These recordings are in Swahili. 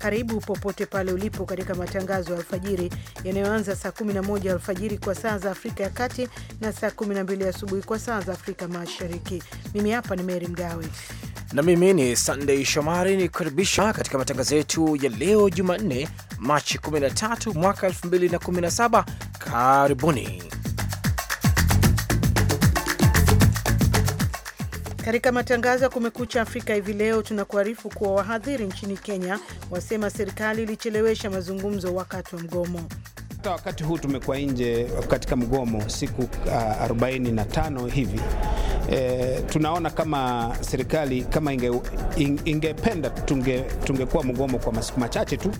Karibu popote pale ulipo katika matangazo ya alfajiri yanayoanza saa 11 alfajiri kwa saa za Afrika ya Kati na saa 12 asubuhi kwa saa za Afrika Mashariki. Mimi hapa ni Meri Mgawe na mimi ni Sunday Shomari ni kukaribisha katika matangazo yetu ya leo Jumanne, Machi 13 mwaka 2017. Karibuni. Katika matangazo ya Kumekucha Afrika hivi leo, tunakuarifu kuwa wahadhiri nchini Kenya wasema serikali ilichelewesha mazungumzo wakati wa mgomo. Hata wakati huu tumekuwa nje katika mgomo siku 45 ah, hivi. E, tunaona kama serikali kama ingependa inge tunge, tungekuwa mgomo kwa masiku machache tu.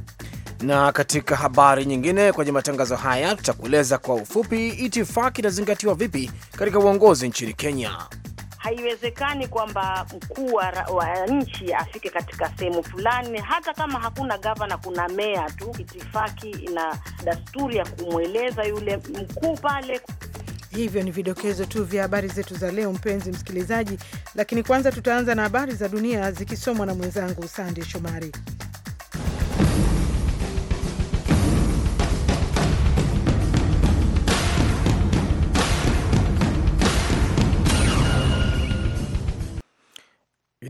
Na katika habari nyingine kwenye matangazo haya tutakueleza kwa ufupi itifaki inazingatiwa vipi katika uongozi nchini Kenya haiwezekani kwamba mkuu wa nchi afike katika sehemu fulani, hata kama hakuna gavana, kuna meya tu. Itifaki ina dasturi ya kumweleza yule mkuu pale. Hivyo ni vidokezo tu vya habari zetu za leo, mpenzi msikilizaji, lakini kwanza tutaanza na habari za dunia zikisomwa na mwenzangu Sande Shomari.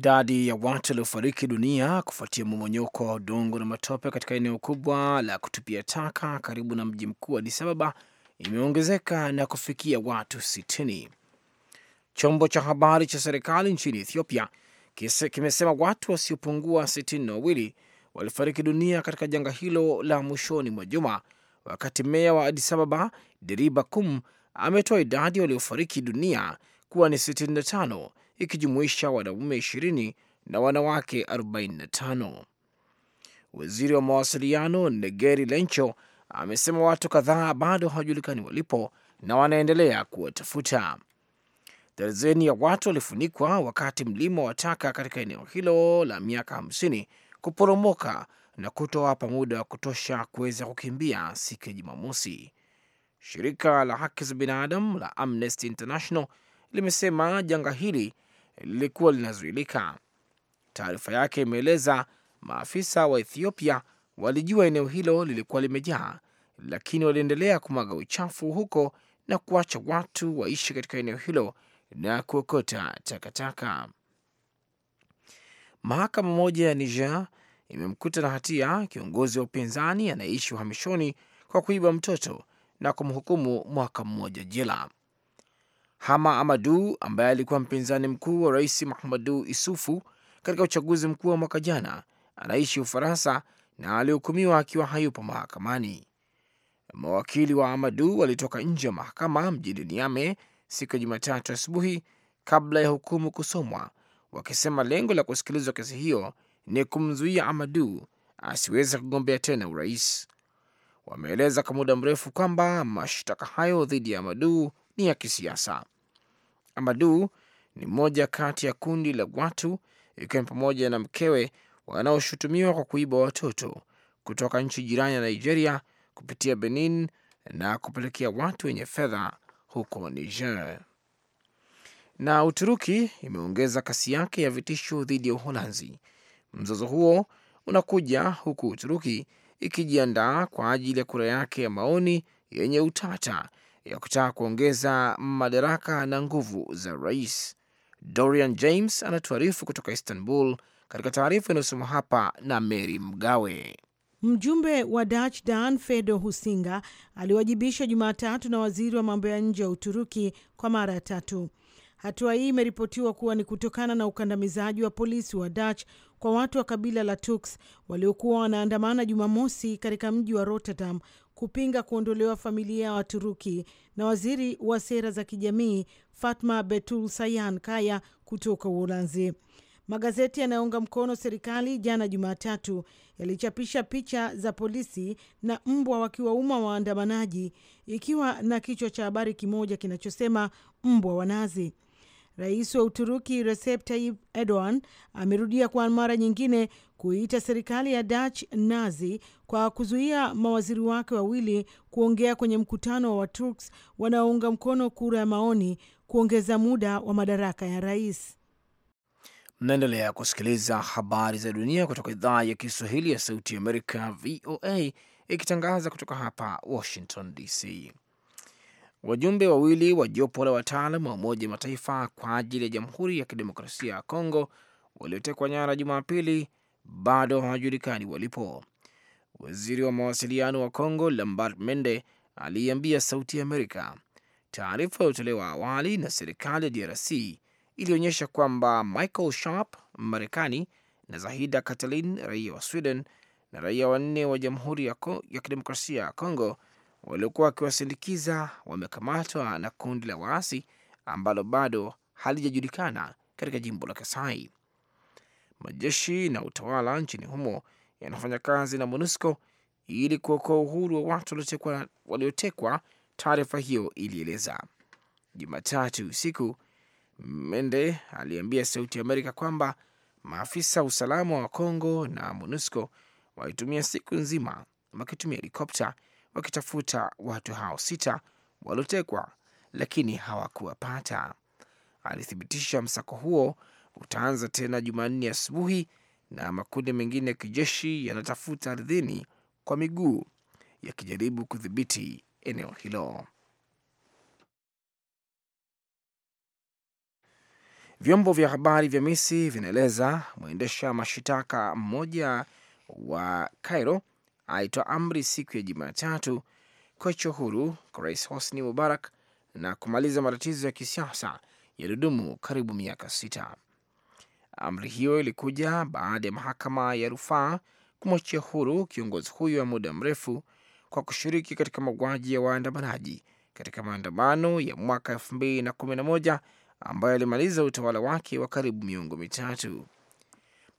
Idadi ya watu waliofariki dunia kufuatia mmomonyoko wa udongo na matope katika eneo kubwa la kutupia taka karibu na mji mkuu Addis Ababa imeongezeka na kufikia watu sitini Chombo cha habari cha serikali nchini Ethiopia kimesema watu wasiopungua sitini na wawili walifariki dunia katika janga hilo la mwishoni mwa juma, wakati meya wa Addis Ababa Deriba Kum ametoa idadi waliofariki dunia kuwa ni tano ikijumuisha wanaume 20 na wanawake 45. Waziri wa mawasiliano Negeri Lencho amesema watu kadhaa bado hawajulikani walipo na wanaendelea kuwatafuta. Darzeni ya watu walifunikwa wakati mlima wa taka katika eneo hilo la miaka 50 kuporomoka na kutowapa muda wa kutosha kuweza kukimbia siku ya Jumamosi. Shirika la haki za binadamu la Amnesty International limesema janga hili lilikuwa linazuilika. Taarifa yake imeeleza maafisa wa Ethiopia walijua eneo hilo lilikuwa limejaa, lakini waliendelea kumwaga uchafu huko na kuacha watu waishi katika eneo hilo na kuokota takataka. Mahakama moja ya Niger imemkuta na hatia kiongozi wa upinzani anayeishi uhamishoni kwa kuiba mtoto na kumhukumu mwaka mmoja jela. Hama Amadu ambaye alikuwa mpinzani mkuu wa rais Mahamadu Isufu katika uchaguzi mkuu wa mwaka jana anaishi Ufaransa na alihukumiwa akiwa hayupo mahakamani. Mawakili wa Amadu walitoka nje ya mahakama mjini Niame siku ya Jumatatu asubuhi kabla ya hukumu kusomwa, wakisema lengo la kusikilizwa kesi hiyo ni kumzuia Amadu asiweze kugombea tena urais. Wameeleza kwa muda mrefu kwamba mashtaka hayo dhidi ya Amadu ni ya kisiasa. Amadu ni mmoja kati ya kundi la watu ikiwa ni pamoja na mkewe wanaoshutumiwa kwa kuiba watoto kutoka nchi jirani ya Nigeria kupitia Benin na kupelekea watu wenye fedha huko Niger. Na Uturuki imeongeza kasi yake ya vitisho dhidi ya Uholanzi. Mzozo huo unakuja huku Uturuki ikijiandaa kwa ajili ya kura yake ya maoni yenye utata ya kutaka kuongeza madaraka na nguvu za rais. Dorian James anatuarifu kutoka Istanbul, katika taarifa inayosoma hapa na Mary Mgawe. Mjumbe wa Dach Dan Fedo Husinga aliwajibishwa Jumatatu na waziri wa mambo ya nje ya Uturuki kwa mara ya tatu. Hatua hii imeripotiwa kuwa ni kutokana na ukandamizaji wa polisi wa Dutch kwa watu wa kabila la Tuks waliokuwa wanaandamana Jumamosi katika mji wa Rotterdam kupinga kuondolewa familia ya Waturuki na waziri wa sera za kijamii Fatma Betul Sayan Kaya kutoka Uholanzi. Magazeti yanayounga mkono serikali jana Jumatatu yalichapisha picha za polisi na mbwa wakiwauma waandamanaji, ikiwa na kichwa cha habari kimoja kinachosema mbwa wanazi. Rais wa Uturuki Recep Tayyip Erdogan amerudia kwa mara nyingine kuita serikali ya Dutch Nazi kwa kuzuia mawaziri wake wawili kuongea kwenye mkutano wa Waturks wanaounga mkono kura ya maoni kuongeza muda wa madaraka ya rais. Mnaendelea kusikiliza habari za dunia kutoka idhaa ya Kiswahili ya Sauti ya Amerika, VOA, ikitangaza kutoka hapa Washington DC. Wajumbe wawili wa jopo la wataalam wa Umoja wa Mataifa kwa ajili ya Jamhuri ya Kidemokrasia ya Kongo waliotekwa nyara Jumapili bado hawajulikani walipo. Waziri wa mawasiliano wa Kongo Lambert Mende aliiambia Sauti ya Amerika taarifa iliyotolewa awali na serikali ya DRC ilionyesha kwamba Michael Sharp Marekani na Zahida katalin raia wa Sweden na raia wanne wa Jamhuri ya Kidemokrasia ya Kongo waliokuwa wakiwasindikiza wamekamatwa na kundi la waasi ambalo bado halijajulikana katika jimbo la Kasai. Majeshi na utawala nchini humo yanafanya kazi na MONUSCO ili kuokoa uhuru wa watu waliotekwa, taarifa hiyo ilieleza Jumatatu usiku. Mende aliambia Sauti ya Amerika kwamba maafisa usalama wa Kongo na MONUSCO walitumia siku nzima wakitumia helikopta wakitafuta watu hao sita waliotekwa, lakini hawakuwapata. Alithibitisha msako huo utaanza tena Jumanne asubuhi, na makundi mengine ya kijeshi yanatafuta ardhini kwa miguu yakijaribu kudhibiti eneo hilo. Vyombo vya habari vya Misri vinaeleza mwendesha mashitaka mmoja wa Cairo alitoa amri siku ya Jumatatu kuachia huru kwa rais Hosni Mubarak na kumaliza matatizo ya kisiasa yaliyodumu karibu miaka sita. Amri hiyo ilikuja baada ya mahakama ya rufaa kumwachia huru kiongozi huyo wa muda mrefu kwa kushiriki katika mauaji ya waandamanaji katika maandamano ya mwaka elfu mbili na kumi na moja ambayo alimaliza utawala wake wa karibu miongo mitatu.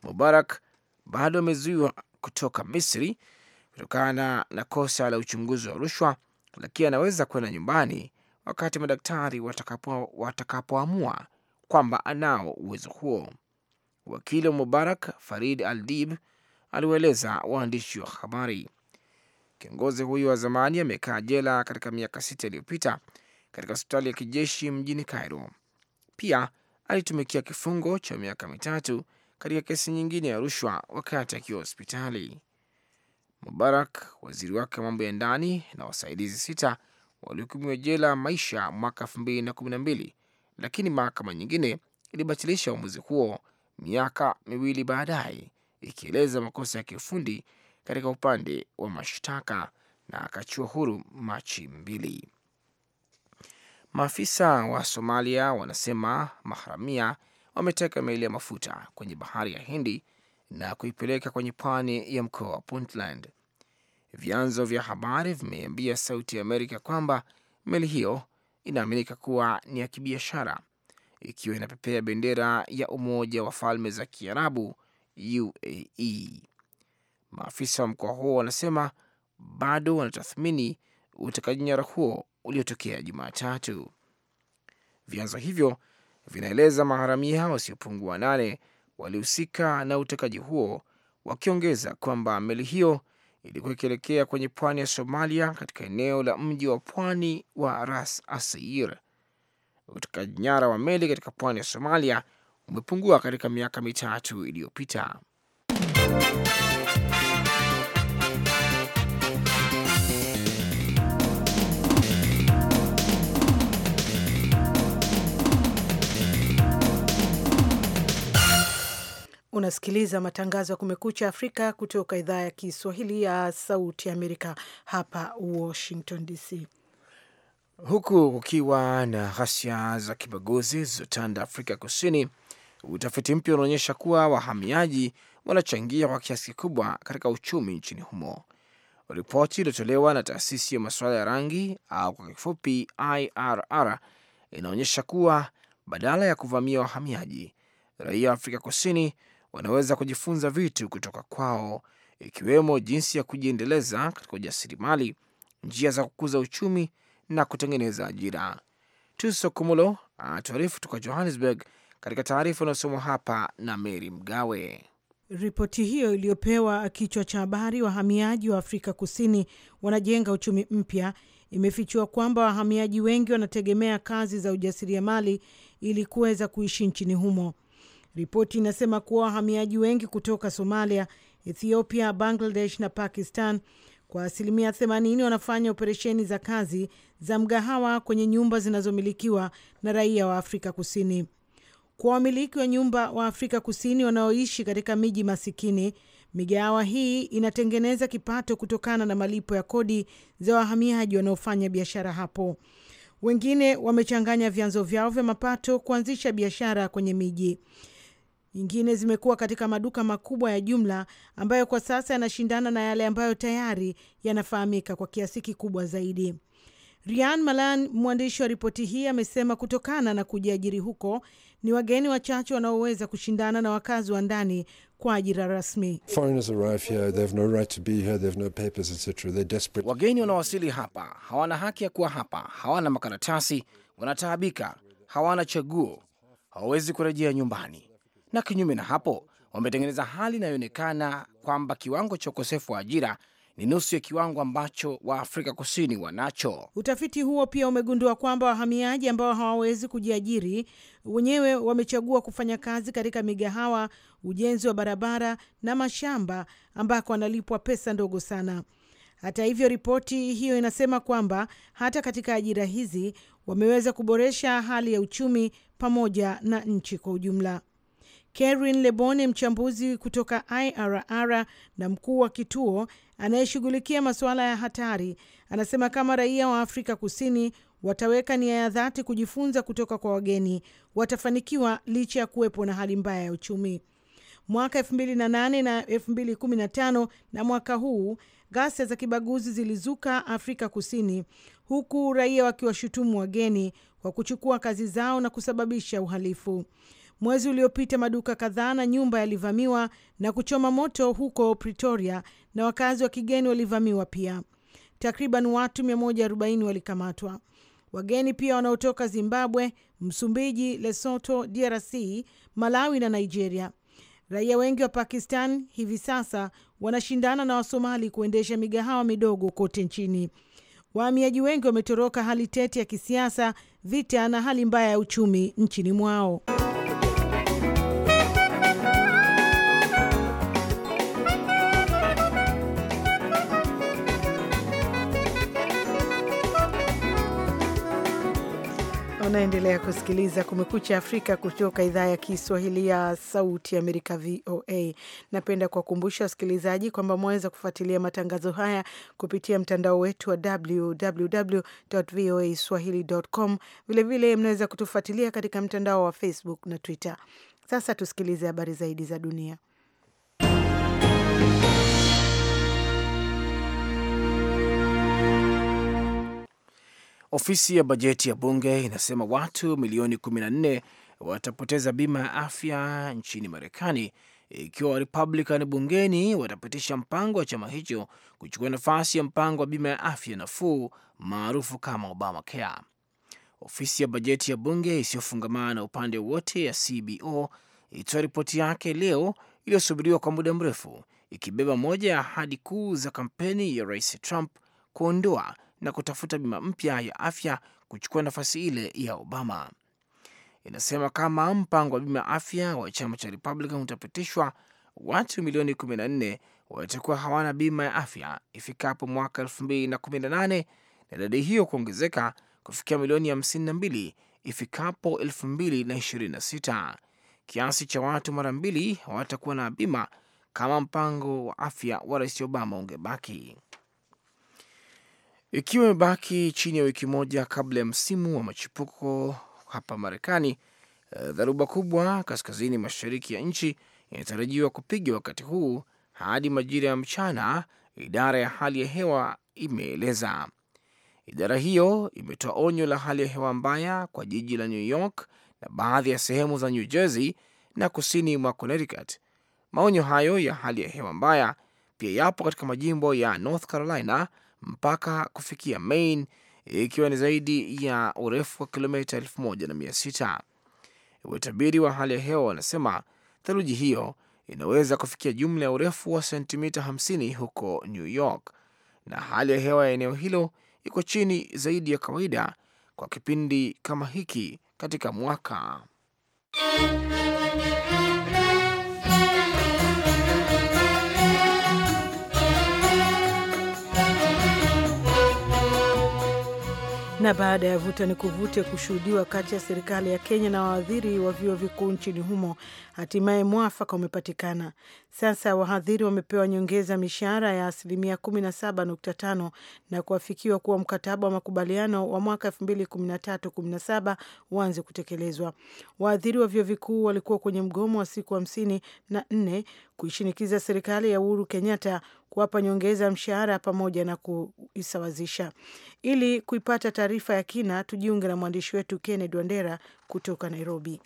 Mubarak bado amezuiwa kutoka Misri kutokana na kosa la uchunguzi wa rushwa, lakini anaweza kwenda nyumbani wakati madaktari watakapoamua watakapo kwamba anao uwezo huo. Wakili wa Mubarak Farid Aldib aliwaeleza waandishi wa habari. Kiongozi huyo wa zamani amekaa jela katika miaka sita iliyopita katika hospitali ya kijeshi mjini Cairo. Pia alitumikia kifungo cha miaka mitatu katika kesi nyingine ya rushwa wakati akiwa hospitali. Mubarak, waziri wake wa mambo ya ndani na wasaidizi sita walihukumiwa jela maisha mwaka elfu mbili na kumi na mbili, lakini mahakama nyingine ilibatilisha uamuzi huo miaka miwili baadaye, ikieleza makosa ya kiufundi katika upande wa mashtaka na akachiwa huru Machi mbili. Maafisa wa Somalia wanasema maharamia wameteka meli ya mafuta kwenye bahari ya Hindi na kuipeleka kwenye pwani ya mkoa wa Puntland. Vyanzo vya habari vimeambia Sauti ya Amerika kwamba meli hiyo inaaminika kuwa ni ya kibiashara ikiwa inapepea bendera ya Umoja wa Falme za Kiarabu, UAE. Maafisa wa mkoa huo wanasema bado wanatathmini utekaji nyara huo uliotokea Jumatatu. Vyanzo hivyo vinaeleza maharamia wasiopungua nane walihusika na utekaji huo, wakiongeza kwamba meli hiyo ilikuwa ikielekea kwenye pwani ya Somalia katika eneo la mji wa pwani wa Ras Asir. Utekaji nyara wa meli katika pwani ya Somalia umepungua katika miaka mitatu iliyopita. Unasikiliza matangazo ya Kumekucha Afrika kutoka idhaa ya Kiswahili ya Sauti Amerika, hapa Washington DC. Huku kukiwa na ghasia za kibaguzi zilizotanda Afrika Kusini, utafiti mpya unaonyesha kuwa wahamiaji wanachangia kwa kiasi kikubwa katika uchumi nchini humo. Ripoti iliyotolewa na taasisi ya masuala ya rangi au kwa kifupi IRR inaonyesha kuwa badala ya kuvamia wahamiaji, raia wa Afrika Kusini wanaweza kujifunza vitu kutoka kwao, ikiwemo jinsi ya kujiendeleza katika ujasiriamali, njia za kukuza uchumi na kutengeneza ajira. Tuso Kumulo anatuarifu kutoka Johannesburg, katika taarifa inayosomwa hapa na Meri Mgawe. Ripoti hiyo iliyopewa kichwa cha habari wahamiaji wa Afrika Kusini wanajenga uchumi mpya imefichua kwamba wahamiaji wengi wanategemea kazi za ujasiriamali ili kuweza kuishi nchini humo. Ripoti inasema kuwa wahamiaji wengi kutoka Somalia, Ethiopia, Bangladesh na Pakistan kwa asilimia 80 wanafanya operesheni za kazi za mgahawa kwenye nyumba zinazomilikiwa na raia wa Afrika Kusini. Kwa wamiliki wa nyumba wa Afrika Kusini wanaoishi katika miji masikini, migahawa hii inatengeneza kipato kutokana na malipo ya kodi za wahamiaji wanaofanya biashara hapo. Wengine wamechanganya vyanzo vyao vya mapato kuanzisha biashara kwenye miji. Nyingine zimekuwa katika maduka makubwa ya jumla ambayo kwa sasa yanashindana na yale ambayo tayari yanafahamika kwa kiasi kikubwa zaidi. Rian Malan, mwandishi wa ripoti hii, amesema kutokana na kujiajiri huko ni wageni wachache wanaoweza kushindana na wakazi wa ndani kwa ajira rasmi. Wageni wanaowasili hapa hawana haki ya kuwa hapa, hawana makaratasi, wanataabika, hawana chaguo, hawawezi kurejea nyumbani na kinyume na hapo wametengeneza hali inayoonekana kwamba kiwango cha ukosefu wa ajira ni nusu ya kiwango ambacho Waafrika Kusini wanacho. Utafiti huo pia umegundua kwamba wahamiaji ambao hawawezi kujiajiri wenyewe wamechagua kufanya kazi katika migahawa, ujenzi wa barabara na mashamba ambako wanalipwa pesa ndogo sana. Hata hivyo, ripoti hiyo inasema kwamba hata katika ajira hizi wameweza kuboresha hali ya uchumi pamoja na nchi kwa ujumla. Kerin Lebone, mchambuzi kutoka IRR na mkuu wa kituo anayeshughulikia masuala ya hatari, anasema kama raia wa Afrika Kusini wataweka nia ya dhati kujifunza kutoka kwa wageni, watafanikiwa licha ya kuwepo na hali mbaya ya uchumi. Mwaka 2008 na 2015 na na na mwaka huu ghasia za kibaguzi zilizuka Afrika Kusini, huku raia wakiwashutumu wageni kwa kuchukua kazi zao na kusababisha uhalifu. Mwezi uliopita maduka kadhaa na nyumba yalivamiwa na kuchoma moto huko Pretoria, na wakazi wa kigeni walivamiwa pia. Takriban watu 140 walikamatwa. Wageni pia wanaotoka Zimbabwe, Msumbiji, Lesotho, DRC, Malawi na Nigeria. Raia wengi wa Pakistan hivi sasa wanashindana na Wasomali kuendesha migahawa midogo kote nchini. Wahamiaji wengi wametoroka hali tete ya kisiasa, vita na hali mbaya ya uchumi nchini mwao. Unaendelea kusikiliza Kumekucha Afrika kutoka idhaa ya Kiswahili ya Sauti Amerika, VOA. Napenda kuwakumbusha wasikilizaji kwamba mwaweza kufuatilia matangazo haya kupitia mtandao wetu wa www voa swahili.com. Vilevile mnaweza kutufuatilia katika mtandao wa Facebook na Twitter. Sasa tusikilize habari zaidi za dunia. Ofisi ya bajeti ya bunge inasema watu milioni 14 watapoteza bima ya afya nchini Marekani ikiwa Republican bungeni watapitisha mpango wa chama hicho kuchukua nafasi ya mpango wa bima ya afya nafuu maarufu kama Obamacare. Ofisi ya bajeti ya bunge isiyofungamana na upande wote ya CBO ilitoa ripoti yake leo iliyosubiriwa kwa muda mrefu, ikibeba moja ya ahadi kuu za kampeni ya Rais Trump kuondoa na kutafuta bima mpya ya afya kuchukua nafasi ile ya Obama. Inasema kama mpango wa bima ya afya wa chama cha Republican utapitishwa, watu milioni 14 watakuwa hawana bima ya afya ifikapo mwaka 2018 na idadi hiyo kuongezeka kufikia milioni 52 ifikapo 2026. Kiasi cha watu mara mbili hawatakuwa na bima kama mpango wa afya wa Rais Obama ungebaki. Ikiwa imebaki chini ya wiki moja kabla ya msimu wa machipuko hapa Marekani, eh, dharuba kubwa kaskazini mashariki ya nchi inatarajiwa kupiga wakati huu hadi majira ya mchana, idara ya hali ya hewa imeeleza. Idara hiyo imetoa onyo la hali ya hewa mbaya kwa jiji la New York na baadhi ya sehemu za New Jersey na kusini mwa Connecticut. Maonyo hayo ya hali ya hewa mbaya pia yapo katika majimbo ya North Carolina mpaka kufikia Maine, ikiwa ni zaidi ya urefu wa kilomita 1600. Watabiri wa hali ya hewa wanasema theluji hiyo inaweza kufikia jumla ya urefu wa sentimita 50 huko New York, na hali ya hewa ya eneo hilo iko chini zaidi ya kawaida kwa kipindi kama hiki katika mwaka. Na baada ya vuta ni kuvute kushuhudiwa kati ya serikali ya Kenya na wahadhiri wa vyuo vikuu nchini humo, hatimaye mwafaka umepatikana. Sasa wahadhiri wamepewa nyongeza mishahara ya asilimia 17.5 na kuafikiwa kuwa mkataba wa makubaliano wa mwaka 2013/17 uanze kutekelezwa. Wahadhiri wa vyuo vikuu walikuwa kwenye mgomo wa siku hamsini na kuishinikiza serikali ya Uhuru Kenyatta kuwapa nyongeza ya mshahara pamoja na kuisawazisha. Ili kuipata taarifa ya kina, tujiunge na mwandishi wetu Kennedy Wandera kutoka Nairobi.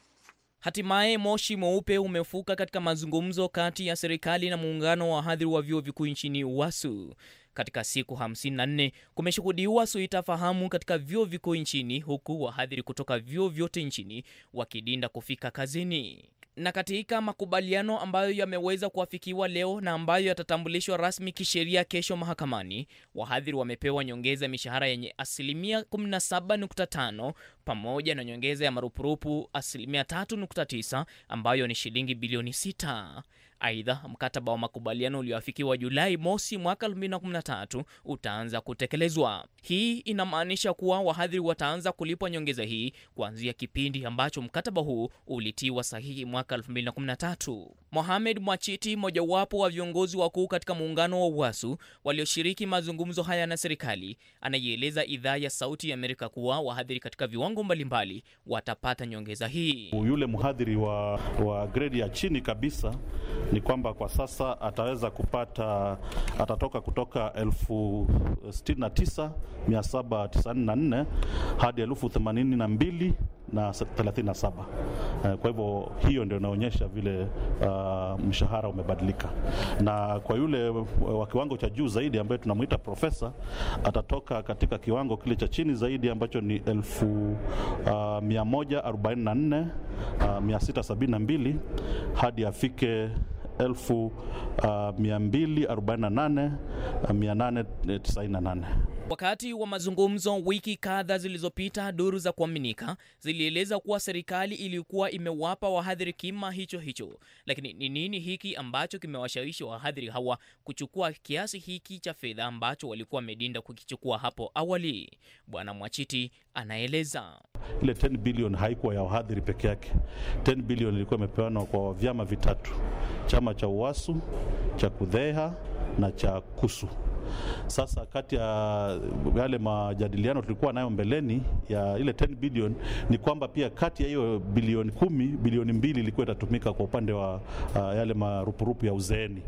Hatimaye moshi mweupe umefuka katika mazungumzo kati ya serikali na muungano wa wahadhiri wa vyuo vikuu nchini WASU. Katika siku 54 kumeshuhudiwa suitafahamu katika vyuo vikuu nchini, huku wahadhiri kutoka vyuo vyote nchini wakidinda kufika kazini na katika makubaliano ambayo yameweza kuafikiwa leo na ambayo yatatambulishwa rasmi kisheria kesho mahakamani, wahadhiri wamepewa nyongeza ya mishahara yenye asilimia 17.5 pamoja na nyongeza ya marupurupu asilimia 3.9 ambayo ni shilingi bilioni 6. Aidha, mkataba wa makubaliano ulioafikiwa Julai mosi mwaka 2013 utaanza kutekelezwa. Hii inamaanisha kuwa wahadhiri wataanza kulipwa nyongeza hii kuanzia kipindi ambacho mkataba huu ulitiwa sahihi mwaka 2013. Mohamed Mwachiti, mojawapo wa viongozi wakuu katika muungano wa UWASU walioshiriki mazungumzo haya na serikali, anaieleza idhaa ya Sauti ya Amerika kuwa wahadhiri katika viwango mbalimbali watapata nyongeza hii. Yule mhadhiri wa, wa gredi ya chini kabisa ni kwamba kwa sasa ataweza kupata atatoka kutoka elfu eh, sitini na tisa mia saba tisini na nne hadi elfu themanini na mbili na 37. Eh, kwa hivyo hiyo ndio inaonyesha vile uh, mshahara umebadilika, na kwa yule wa kiwango cha juu zaidi ambaye tunamwita profesa atatoka katika kiwango kile cha chini zaidi ambacho ni elfu uh, uh, mbili hadi afike 248898. Uh, Wakati wa mazungumzo wiki kadhaa zilizopita, duru za kuaminika zilieleza kuwa serikali ilikuwa imewapa wahadhiri kima hicho hicho. Lakini ni nini hiki ambacho kimewashawishi wahadhiri hawa kuchukua kiasi hiki cha fedha ambacho walikuwa wamedinda kukichukua hapo awali? Bwana Mwachiti anaeleza. Ile 10 bilioni haikuwa ya wahadhiri peke yake. 10 bilioni ilikuwa imepeanwa kwa vyama vitatu chama chama cha UWASU cha KUDHEHA na cha KUSU. Sasa kati ya yale majadiliano tulikuwa nayo mbeleni ya ile 10 billion ni kwamba pia kati ya hiyo bilioni kumi, bilioni mbili ilikuwa itatumika kwa upande wa uh, yale marupurupu ya uzeeni.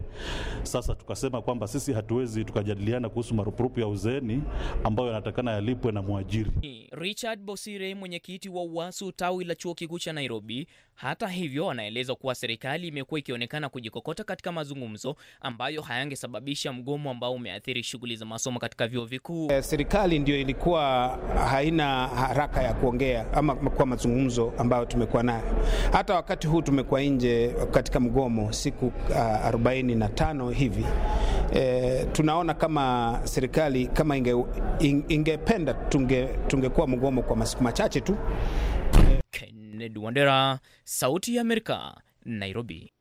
Sasa tukasema kwamba sisi hatuwezi tukajadiliana kuhusu marupurupu ya uzeeni ambayo yanatakana yalipwe na mwajiri. Richard Bosire, mwenyekiti wa UWASU tawi la chuo kikuu cha Nairobi, hata hivyo, anaeleza kuwa serikali imekuwa ikionekana kujikokota katika mazungumzo ambayo hayangesababisha mgomo ambao umeathiri kuathiri shughuli za masomo katika vyuo vikuu. E, serikali ndio ilikuwa haina haraka ya kuongea ama kwa mazungumzo ambayo tumekuwa nayo. Hata wakati huu tumekuwa nje katika mgomo siku ah, na tano hivi. E, tunaona kama serikali kama inge, ingependa tunge tungekuwa mgomo kwa masiku machache tu. Kennedy Wandera, Sauti ya Amerika, Nairobi.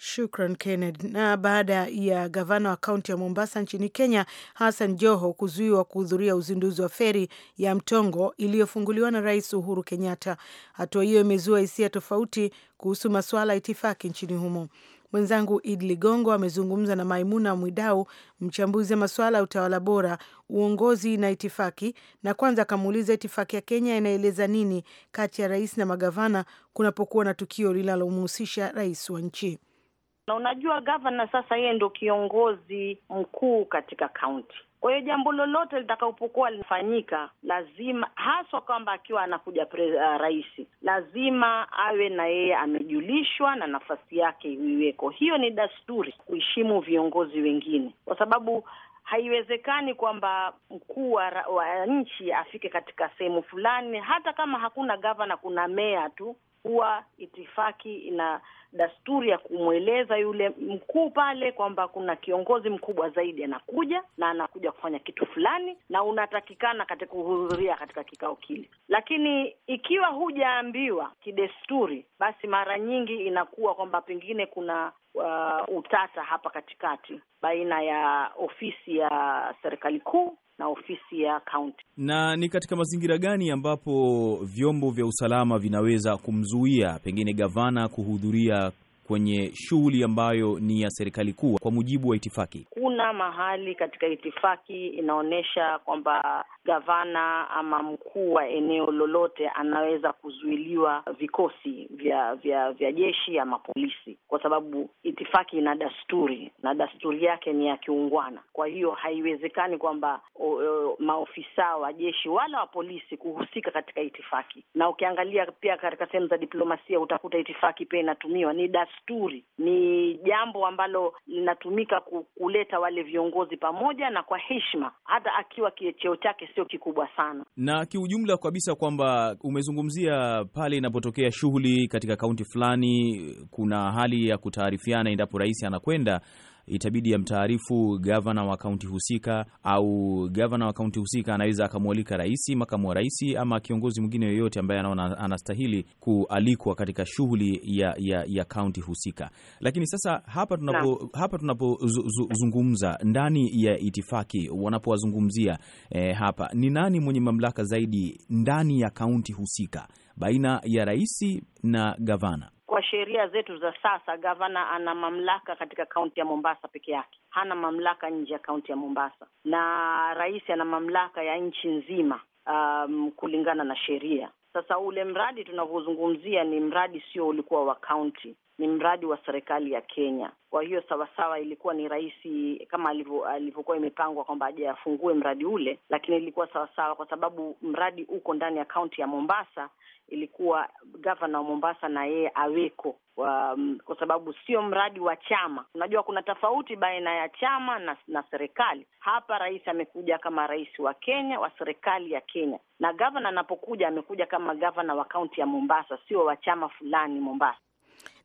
Shukran Kenneth. Na baada ya gavana wa kaunti ya Mombasa nchini Kenya, Hassan Joho, kuzuiwa kuhudhuria uzinduzi wa feri ya Mtongo iliyofunguliwa na Rais Uhuru Kenyatta, hatua hiyo imezua hisia tofauti kuhusu masuala ya itifaki nchini humo. Mwenzangu id Ligongo amezungumza na Maimuna Mwidau, mchambuzi wa masuala ya utawala bora, uongozi na itifaki, na kwanza akamuuliza itifaki ya Kenya inaeleza nini kati ya rais na magavana kunapokuwa na tukio linalomhusisha rais wa nchi na unajua gavana sasa yeye ndo kiongozi mkuu katika kaunti. Kwa hiyo jambo lolote litakapokuwa linafanyika, lazima haswa kwamba akiwa anakuja uh, rais lazima awe na yeye amejulishwa na nafasi yake iweko. Hiyo ni dasturi, kuheshimu viongozi wengine, kwa sababu haiwezekani kwamba mkuu wa, wa nchi afike katika sehemu fulani, hata kama hakuna gavana, kuna mea tu kuwa itifaki ina dasturi ya kumweleza yule mkuu pale kwamba kuna kiongozi mkubwa zaidi anakuja na anakuja kufanya kitu fulani, na unatakikana katika kuhudhuria katika kikao kile. Lakini ikiwa hujaambiwa kidesturi, basi mara nyingi inakuwa kwamba pengine kuna uh, utata hapa katikati baina ya ofisi ya serikali kuu na ofisi ya kaunti. Na ni katika mazingira gani ambapo vyombo vya usalama vinaweza kumzuia pengine gavana kuhudhuria kwenye shughuli ambayo ni ya serikali kuu kwa mujibu wa itifaki? Kuna mahali katika itifaki inaonyesha kwamba gavana ama mkuu wa eneo lolote anaweza kuzuiliwa vikosi vya vya vya jeshi ama polisi, kwa sababu itifaki ina dasturi na dasturi yake ni ya kiungwana. Kwa hiyo haiwezekani kwamba maofisa wa jeshi wala wa polisi kuhusika katika itifaki. Na ukiangalia pia katika sehemu za diplomasia utakuta itifaki pia inatumiwa, ni dasturi desturi, ni jambo ambalo linatumika kuleta wale viongozi pamoja na kwa heshima, hata akiwa cheo chake sio kikubwa sana. Na kiujumla kabisa, kwamba umezungumzia pale inapotokea shughuli katika kaunti fulani, kuna hali ya kutaarifiana endapo rais anakwenda itabidi amtaarifu gavana wa kaunti husika, au gavana wa kaunti husika anaweza akamwalika rais, makamu wa rais, ama kiongozi mwingine yoyote ambaye anaona anastahili kualikwa katika shughuli ya ya, ya kaunti husika. Lakini sasa hapa tunapo hapa tunapozungumza ndani ya itifaki wanapowazungumzia eh, hapa ni nani mwenye mamlaka zaidi ndani ya kaunti husika baina ya rais na gavana? kwa sheria zetu za sasa, gavana ana mamlaka katika kaunti ya Mombasa peke yake, hana mamlaka nje ya kaunti ya Mombasa, na rais ana mamlaka ya nchi nzima um, kulingana na sheria. Sasa ule mradi tunavyozungumzia ni mradi sio ulikuwa wa kaunti, ni mradi wa serikali ya Kenya. Kwa hiyo sawasawa, ilikuwa ni rahisi kama alivyokuwa imepangwa kwamba aje afungue mradi ule, lakini ilikuwa sawasawa kwa sababu mradi uko ndani ya kaunti ya Mombasa. Ilikuwa gavana wa Mombasa na yeye aweko, um, kwa sababu sio mradi wa chama. Unajua kuna tofauti baina ya chama na, na serikali. Hapa rais amekuja kama rais wa Kenya wa serikali ya Kenya, na gavana anapokuja amekuja kama gavana wa kaunti ya Mombasa, sio wa chama fulani Mombasa.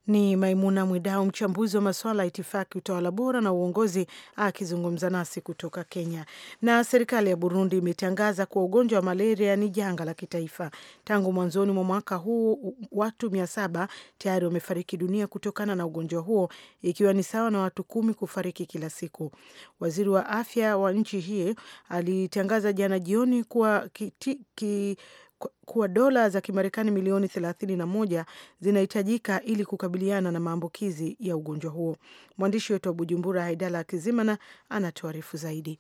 Ni Maimuna Mwidau, mchambuzi wa masuala ya itifaki, utawala bora na uongozi, akizungumza nasi kutoka Kenya. Na serikali ya Burundi imetangaza kuwa ugonjwa wa malaria ni janga la kitaifa. Tangu mwanzoni mwa mwaka huu watu mia saba tayari wamefariki dunia kutokana na ugonjwa huo, ikiwa ni sawa na watu kumi kufariki kila siku. Waziri wa afya wa nchi hii alitangaza jana jioni kuwa kiti, kiti, kuwa dola za Kimarekani milioni 31 zinahitajika ili kukabiliana na maambukizi ya ugonjwa huo. Mwandishi wetu wa Bujumbura, Haidala Akizimana, anatuarifu zaidi.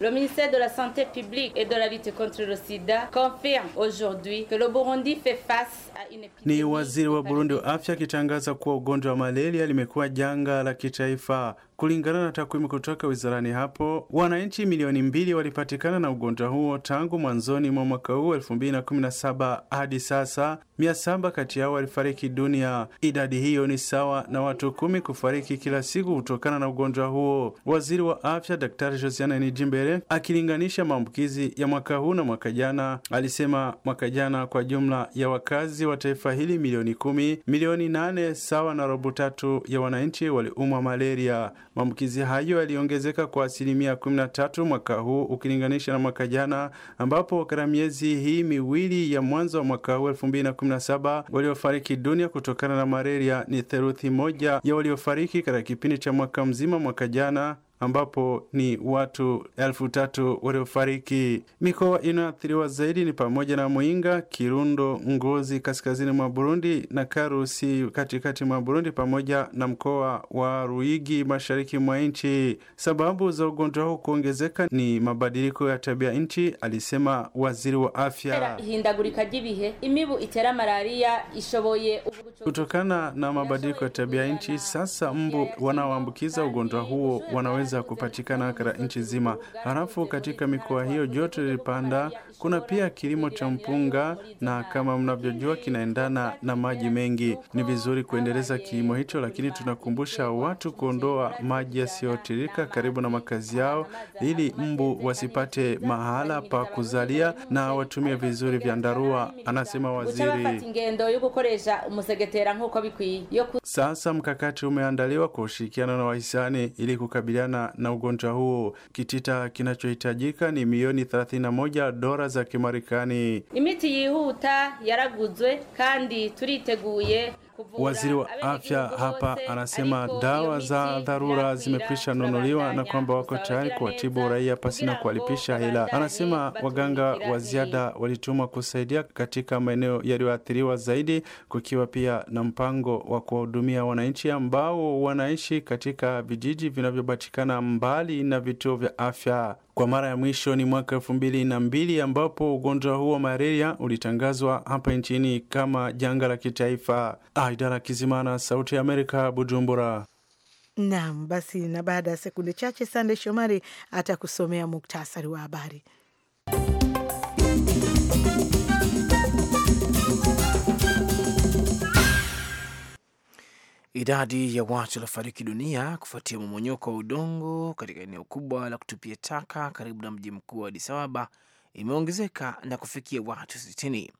Le ministère de la Santé publique et de la lutte contre le sida confirme aujourd'hui que le Burundi fait face une epidemie. Ni waziri wa Burundi wa afya akitangaza kuwa ugonjwa wa malaria limekuwa janga la kitaifa. Kulingana na takwimu kutoka wizarani hapo, wananchi milioni mbili walipatikana na ugonjwa huo tangu mwanzoni mwa mwaka huu 2017 hadi sasa, 700 kati yao walifariki dunia. Idadi hiyo ni sawa na watu kumi kufariki kila siku kutokana na ugonjwa huo. Waziri wa afya Daktari Josiana Nijimbere akilinganisha maambukizi ya mwaka huu na mwaka jana, alisema mwaka jana kwa jumla ya wakazi wa taifa hili milioni kumi, milioni nane sawa na robo tatu ya wananchi waliumwa malaria. Maambukizi hayo yaliongezeka kwa asilimia 13 mwaka huu ukilinganisha na mwaka jana, ambapo katika miezi hii miwili ya mwanzo wa mwaka huu 2017 waliofariki dunia kutokana na malaria ni theluthi moja ya waliofariki katika kipindi cha mwaka mzima mwaka jana ambapo ni watu elfu tatu waliofariki. Mikoa inayoathiriwa zaidi ni pamoja na Muinga, Kirundo, Ngozi kaskazini mwa Burundi na Karusi katikati mwa Burundi, pamoja na mkoa wa Ruigi mashariki mwa nchi. Sababu za ugonjwa huu kuongezeka ni mabadiliko ya tabia nchi, alisema waziri wa afya. Kutokana na mabadiliko ya tabia nchi, sasa mbu wanaoambukiza ugonjwa huo wanaweza inaweza kupatikana katika nchi zima. Halafu katika mikoa hiyo joto lilipanda. Kuna pia kilimo cha mpunga, na kama mnavyojua kinaendana na maji mengi. Ni vizuri kuendeleza kilimo hicho, lakini tunakumbusha watu kuondoa maji yasiyotirika karibu na makazi yao, ili mbu wasipate mahala pa kuzalia na watumie vizuri vyandarua, anasema waziri. Sasa mkakati umeandaliwa kwa ushirikiano na wahisani ili kukabiliana kupambana na ugonjwa huo. Kitita kinachohitajika ni milioni 31 dola za Kimarekani. imiti yihuta yaraguzwe kandi turiteguye Waziri wa afya hapa anasema dawa za dharura zimekwisha nunuliwa na kwamba wako tayari kuwatibu raia pasina kuwalipisha hela. Anasema waganga wa ziada walitumwa kusaidia katika maeneo yaliyoathiriwa zaidi, kukiwa pia na mpango wa kuwahudumia wananchi ambao wanaishi katika vijiji vinavyopatikana mbali na vituo vya afya. Kwa mara ya mwisho ni mwaka elfu mbili na mbili ambapo ugonjwa huo wa malaria ulitangazwa hapa nchini kama janga la kitaifa. Aidara ah, Kizimana, Sauti ya Amerika, Bujumbura. Naam, basi na baada ya sekunde chache Sande Shomari atakusomea muktasari wa habari. Idadi ya watu waliofariki dunia kufuatia mmonyoko wa udongo katika eneo kubwa la kutupia taka karibu na mji mkuu wa Addis Ababa imeongezeka na kufikia watu 60.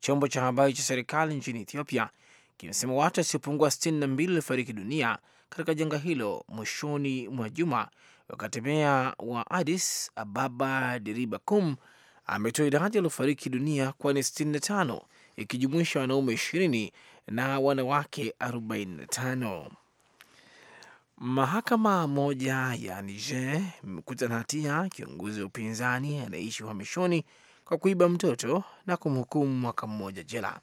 Chombo cha habari cha serikali nchini Ethiopia kimesema watu wasiopungua 62 walifariki dunia katika janga hilo mwishoni mwa juma, wakati meya wa Addis Ababa Deriba Kum ametoa idadi waliofariki dunia kwani ni 65 ikijumuisha wanaume ishirini na wanawake 45. Mahakama moja ya Niger imemkuta na hatia kiongozi wa upinzani anayeishi uhamishoni kwa kuiba mtoto na kumhukumu mwaka mmoja jela.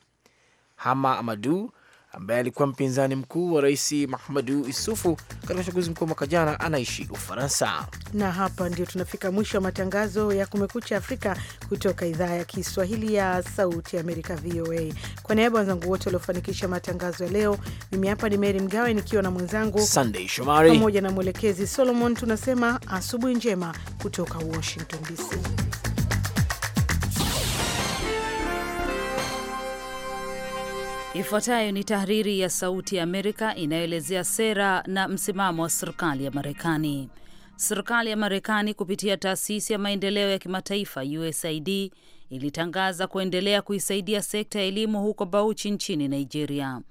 Hama Amadu ambaye alikuwa mpinzani mkuu wa rais Mahamadu Isufu katika uchaguzi mkuu mwaka jana anaishi Ufaransa. Na hapa ndio tunafika mwisho wa matangazo ya Kumekucha Afrika kutoka idhaa ya Kiswahili ya Sauti Amerika, VOA. Kwa niaba wenzangu wote waliofanikisha matangazo ya leo, mimi hapa ni Meri Mgawe nikiwa na mwenzangu Sandey Shomari pamoja na mwelekezi Solomon, tunasema asubuhi njema kutoka Washington DC. Ifuatayo ni tahariri ya Sauti ya Amerika inayoelezea sera na msimamo wa serikali ya Marekani. Serikali ya Marekani kupitia taasisi ya maendeleo ya kimataifa USAID ilitangaza kuendelea kuisaidia sekta ya elimu huko Bauchi nchini Nigeria.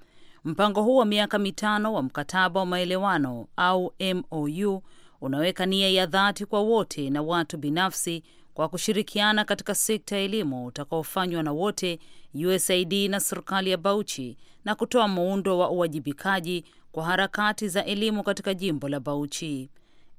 Mpango huu wa miaka mitano wa mkataba wa maelewano au MOU unaweka nia ya dhati kwa wote na watu binafsi kwa kushirikiana katika sekta ya elimu utakaofanywa na wote, USAID na serikali ya Bauchi, na kutoa muundo wa uwajibikaji kwa harakati za elimu katika jimbo la Bauchi.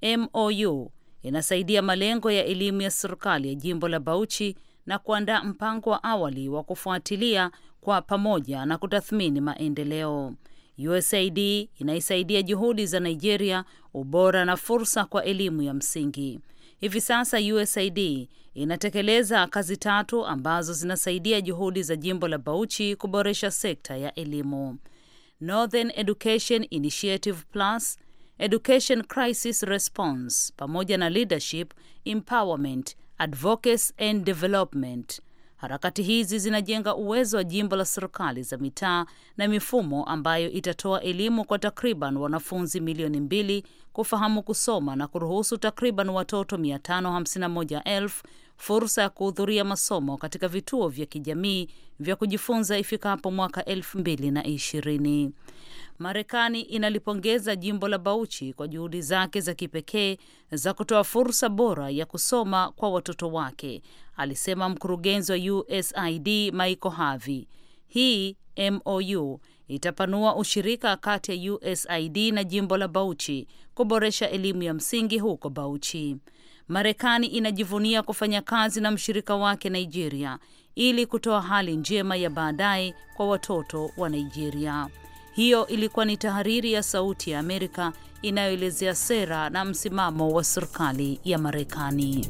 MOU inasaidia malengo ya elimu ya serikali ya jimbo la Bauchi na kuandaa mpango wa awali wa kufuatilia kwa pamoja na kutathmini maendeleo. USAID inaisaidia juhudi za Nigeria ubora na fursa kwa elimu ya msingi. Hivi sasa USAID inatekeleza kazi tatu ambazo zinasaidia juhudi za jimbo la Bauchi kuboresha sekta ya elimu: Northern Education Initiative Plus, Education Crisis Response pamoja na Leadership Empowerment Advocacy and Development. Harakati hizi zinajenga uwezo wa jimbo la serikali za mitaa na mifumo ambayo itatoa elimu kwa takriban wanafunzi milioni mbili kufahamu kusoma na kuruhusu takriban watoto 551,000 fursa ya kuhudhuria masomo katika vituo vya kijamii vya kujifunza ifikapo mwaka elfu mbili na ishirini. Marekani inalipongeza jimbo la Bauchi kwa juhudi zake za kipekee za kutoa fursa bora ya kusoma kwa watoto wake alisema mkurugenzi wa USAID Michael Harvey. Hii MOU itapanua ushirika kati ya USAID na jimbo la Bauchi kuboresha elimu ya msingi huko Bauchi. Marekani inajivunia kufanya kazi na mshirika wake Nigeria ili kutoa hali njema ya baadaye kwa watoto wa Nigeria. Hiyo ilikuwa ni tahariri ya Sauti ya Amerika inayoelezea sera na msimamo wa serikali ya Marekani.